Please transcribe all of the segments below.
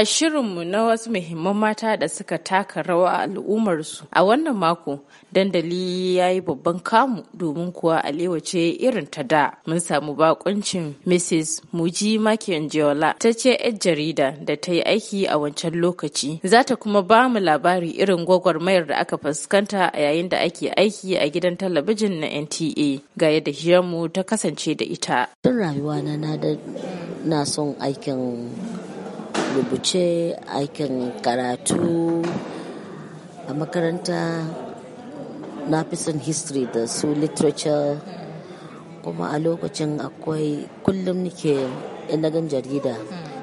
a shirinmu na wasu muhimman mata da suka taka rawa a al'ummarsu a wannan mako dandali ya yi babban kamu domin kuwa alewace lewace irin ta da mun samu bakuncin mrs muji makiyanjola ta ce yar jarida da ta yi aiki a wancan lokaci za ta kuma ba mu labari irin gwagwarmayar da aka fuskanta a yayin da ake aiki a gidan talabijin na nta ga yadda hiyarmu ta kasance da ita. rayuwa na na son aikin rubuce aikin karatu a makaranta na fi son history da su literature kuma a lokacin akwai kullum nike ina gan jarida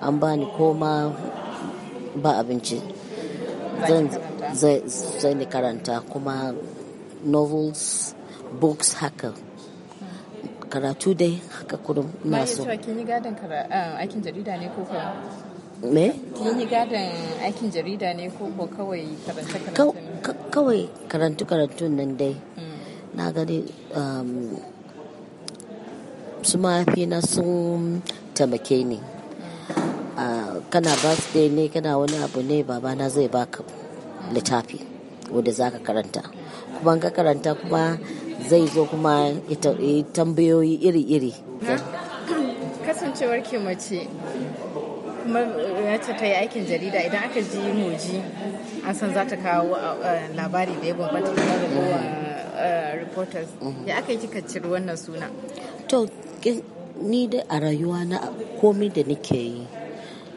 an bani koma ba abinci zan ni karanta kuma novels books haka karatu dai haka kurum masu. so. Ma yi cewa kin yi gadon eh, aikin jarida ne ko me? kin yi gadon aikin jarida ne ko ko kawai karantu kawai karantu karantu nan dai hmm. na gani um, su na sun taimake ni hmm. ah, kana birthday ne kana wani abu ne babana zai baka littafi wanda za ka karanta kuma ka karanta kuma zai zo kuma tambayoyi iri-iri kasancewar ke mace kuma wacce ta yi aikin jarida idan aka ji moji an san za ta kawo eh, labari da ya bambanta da eh, reporters mhm. ya aka yi kika ciri wannan suna to ni da a rayuwa na komai da nake yi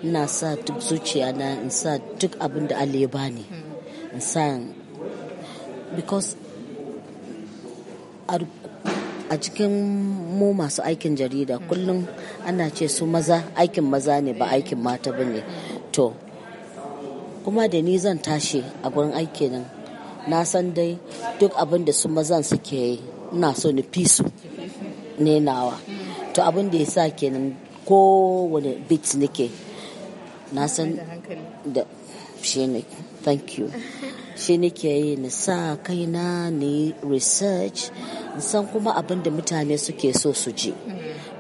na sa duk zuciya na in sa duk abin da Allah ya bani hmm. in sa because a cikin mu masu aikin jarida kullum ana ce su maza aikin maza ne ba aikin mata ba ne to kuma da ni zan tashi a gurin aiki nan na san dai duk abin da su mazan suke yi ina so ni fi su ne nawa to abin da ya sa kenan kowane bit nake na san da shi ne thank you shi nake yi na sa kaina ni research san kuma abin da mutane suke so su ji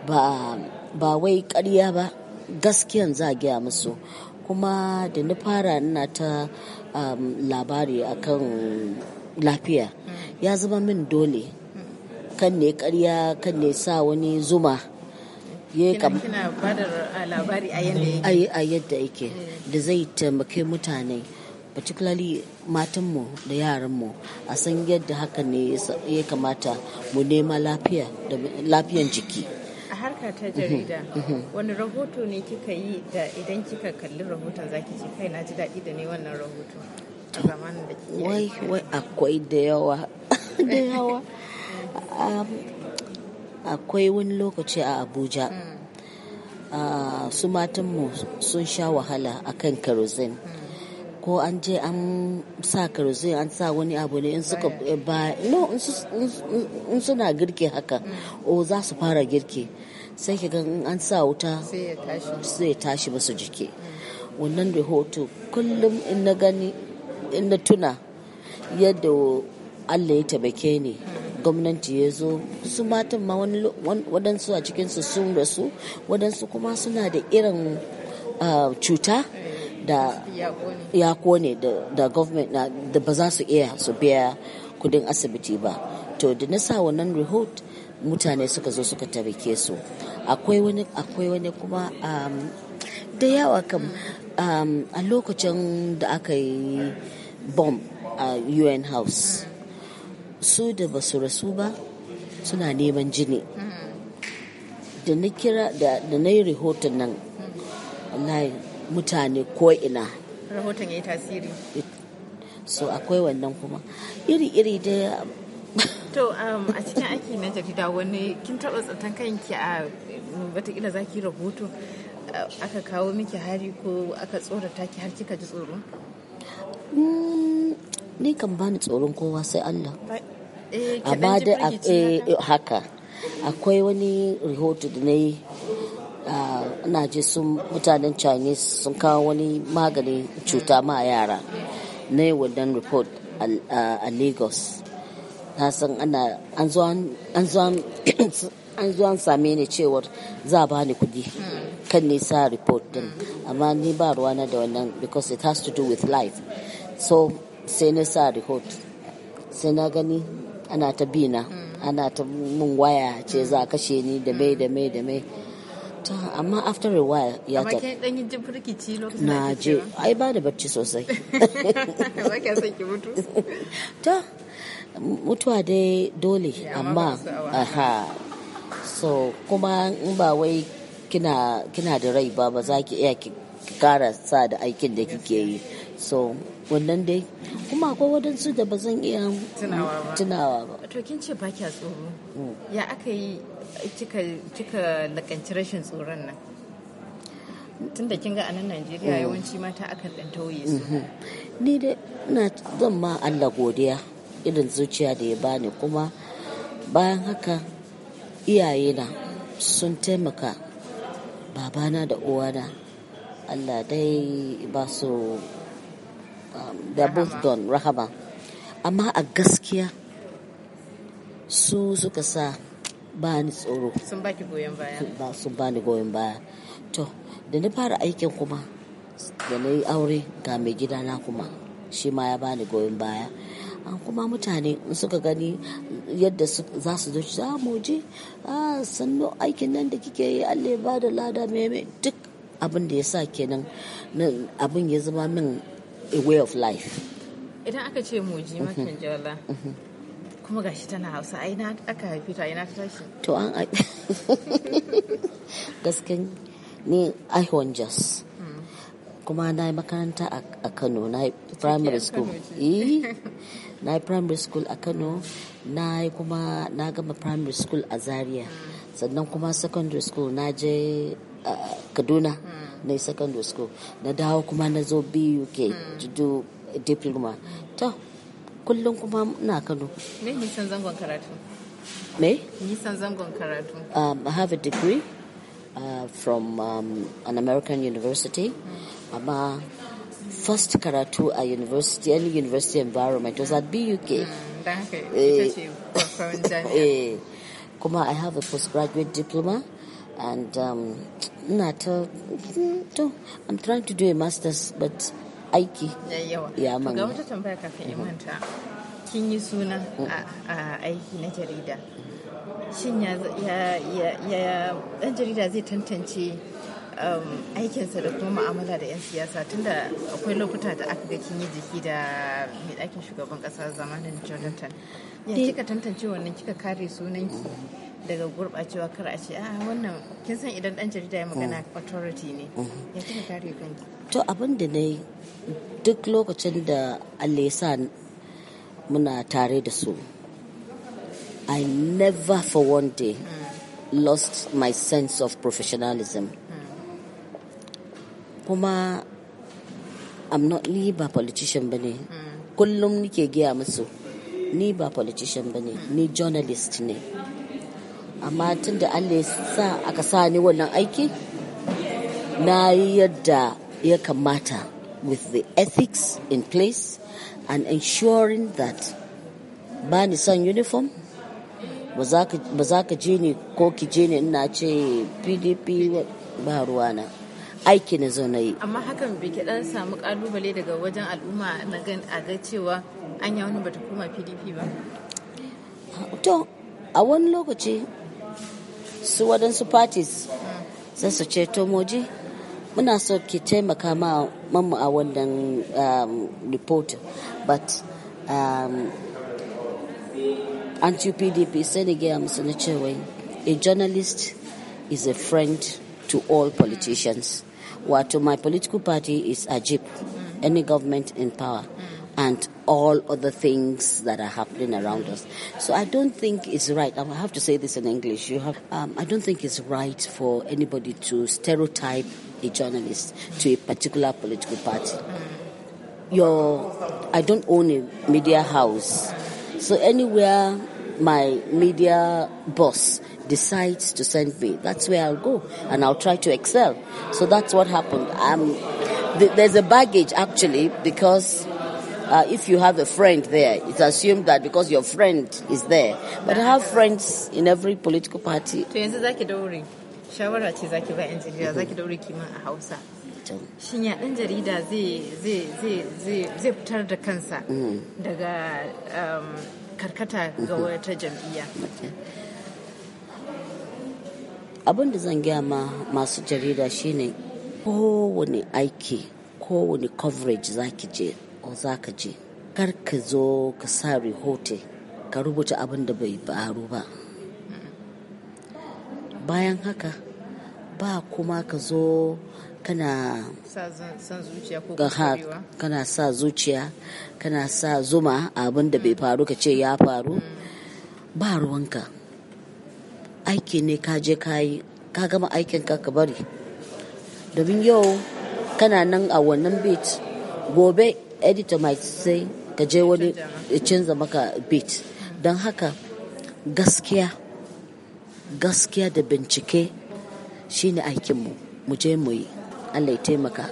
ba wai karya ba gaskiyan za a gaya musu kuma da na fara nuna ta um, labari akan lafiya ya zama min dole kan ne karya kan ne sa wani zuma ya kam labari a yadda yake da zai taimake mutane particularly matanmu da yaranmu a san yadda haka ne ya kamata mu nema lafiyan jiki a harka ta mhm, jarida mhm. wani rahoto ne kika yi da idan kika kalli rahoton zaki ce kai na ji daɗi da ne wannan rahoto a zamanin da kike wai wai akwai da yawa da yawa um, akwai wani lokaci a abuja mm. uh, su matanmu sun sha wahala akan kerosene mm. ko an je an sa kerosene an sa wani abu ne in suka ba no in suna girki haka mm. o za su fara girki sai ki in an sa wuta sai ya tashi su jiki mm. wannan rahoto kullum in na gani in na tuna yadda allah ya tabake ni mm. gwamnati ya zo su matan ma waɗansu a cikinsu sun rasu waɗansu kuma suna da irin ah, cuta da ya kone da government na da ba za su iya su biya kudin asibiti ba to da na sa wannan report mutane suka zo suka tarike su akwai wani akwai wani kuma um, da yawa kam um, a lokacin da aka yi bom a un house su da ba su rasu ba suna neman jini mm-hmm. da na kira da na yi rahoton nan wallahi mutane ko ina rahoton ya yi tasiri so akwai wannan kuma iri-iri da um, to um, a cikin aiki na jarida wani kin taɓa tsantan kanki a um, watakila za ki rahoto uh, aka kawo miki hari ko aka tsorata ki har kika ji tsoro hmm, ni kan bani tsoron kowa sai Allah eh, amma da eh, haka akwai wani rahoto da na yi na ji sun mutanen chinese sun kawo wani magani cuta ma yara na yi report a lagos na san an zuwa an same ni cewar za a bani kudi kan nisa report din amma ni ba ruwana da wannan because it has to do with life so sai na sa report sai na gani ana ta bina ana ta mun waya ce za a kashe ni da mai da mai da mai ta amma after a while ya ta amma dan yin jin firkici lokacin da na je ai ba da bacci sosai ba ka san ki mutu ta mutuwa dai dole amma aha so kuma in ba wai kina kina da rai ba ba za ki iya ki kara sa da aikin da kike yi so wannan dai kuma akwai wadansu da ba zan iya tunawa ba to kin ce ba kya tsoro mm. ya aka yi kika lakanci rashin tsoron nan tun da kin ga a nan Najeriya mm. yawanci mata akan dan tauye su mm-hmm. ni dai na zan ma Allah godiya irin zuciya da ya bani kuma bayan haka iyayena sun taimaka babana da uwana Allah dai ba su Um, they are both done rahama amma a gaskiya su suka sa ba ni tsoro sun ki goyon baya sun ba ni goyon baya to da na fara aikin kuma da na yi aure ga mai gida na kuma shi ma ya bani goyon baya an kuma mutane suka gani yadda za su zo za mu ji sannu aikin nan da kike yi allah ba da lada mai duk abin da ya sa kenan abin ya zama min a way of life idan aka ce moji mhm. makin jala mhm. kuma gashi tana hausa ai na aka haifi ta ina ta tashi to an gasken ni aihuwan jos hmm. kuma na yi makaranta a kano na primary school eh, na yi primary school a kano na yi kuma na gama primary school a zaria hmm. sannan kuma secondary school na je uh, kaduna hmm. na secondary school na dawo kuma na zo buk to do diploma to kullum kuma na kano me nisan zangon karatu me zangon karatu um, i have a degree uh, from um, an american university amma first karatu a university any university environment was at buk mm, eh, eh, kuma i have a postgraduate diploma and um, ina ta to i'm trying to do a masters but aiki ya man ga wata tambaya kafin in manta kin yi suna a aiki na jarida shin ya dan jarida zai tantance um, aikinsa da kuma ma'amala da 'yan siyasa tunda akwai lokuta da aka ga kin yi jiki da mai ɗakin shugaban ƙasa zamanin jonathan ya kika tantance wannan kika kare sunanki daga gurɓacewa kar a ce ah wannan kin san idan dan jarida ya magana mm. authority ne mm. ya kina kare kanki to abin da nayi duk lokacin da sa muna tare da su i never for one day mm. lost my sense of professionalism kuma i'm not ni ba politician bane kullum nike giya musu ni ba politician bane ni journalist ne amma tun da allah ya sa aka sa ni wannan aiki na yi yadda ya kamata with the ethics in place and ensuring that ba ni son uniform ba za ka je ni ko ki je ni ina ce pdp ba ruwana aiki na zo na yi amma hakan bai ke dan samu kalubale daga wajen al'umma na gan a ga cewa an wani bata koma pdp ba to a wani lokaci su waɗansu parties sai su ce moji muna so ki taimaka ma mamu a wannan um, report but um, anti-pdp sai na gaya musu na cewa a journalist is a friend to all politicians wato my political party is ajib any government in power and all other things that are happening around us. So I don't think it's right. I have to say this in English. You have, um, I don't think it's right for anybody to stereotype a journalist to a particular political party. Your, I don't own a media house, so anywhere my media boss decides to send me, that's where I'll go and I'll try to excel. So that's what happened. Um, th- there's a baggage actually because uh, if you have a friend there, it's assumed that because your friend is there. But I have friends in every political party. To zaki shawara zaki mm-hmm. Shin ya ɗan jarida zai fitar da kansa mm. daga um, karkata ga mm-hmm. wata jam'iyya. Abin da zan gaya ma masu jarida shine kowane aiki kowane coverage zaki je za ka je kar ka zo ka sa rihote ka rubuta abin da bai faru ba bayan haka ba kuma ka zo kana sa zuciya kana sa zuma abin da bai mm. faru ka ce ya faru mm. ba ruwanka aiki ne ka je ka yi ka gama aikin ka ka bari domin yau kana nan a wannan bit gobe editor mai sai ka je wani canza maka beat don haka gaskiya gaskiya da bincike shine aikinmu mu je mu yi allah taimaka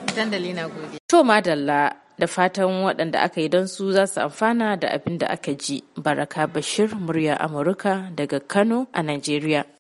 to madalla da fatan waɗanda aka yi don su za su amfana da abin da aka ji baraka bashir murya amurka daga kano a nigeria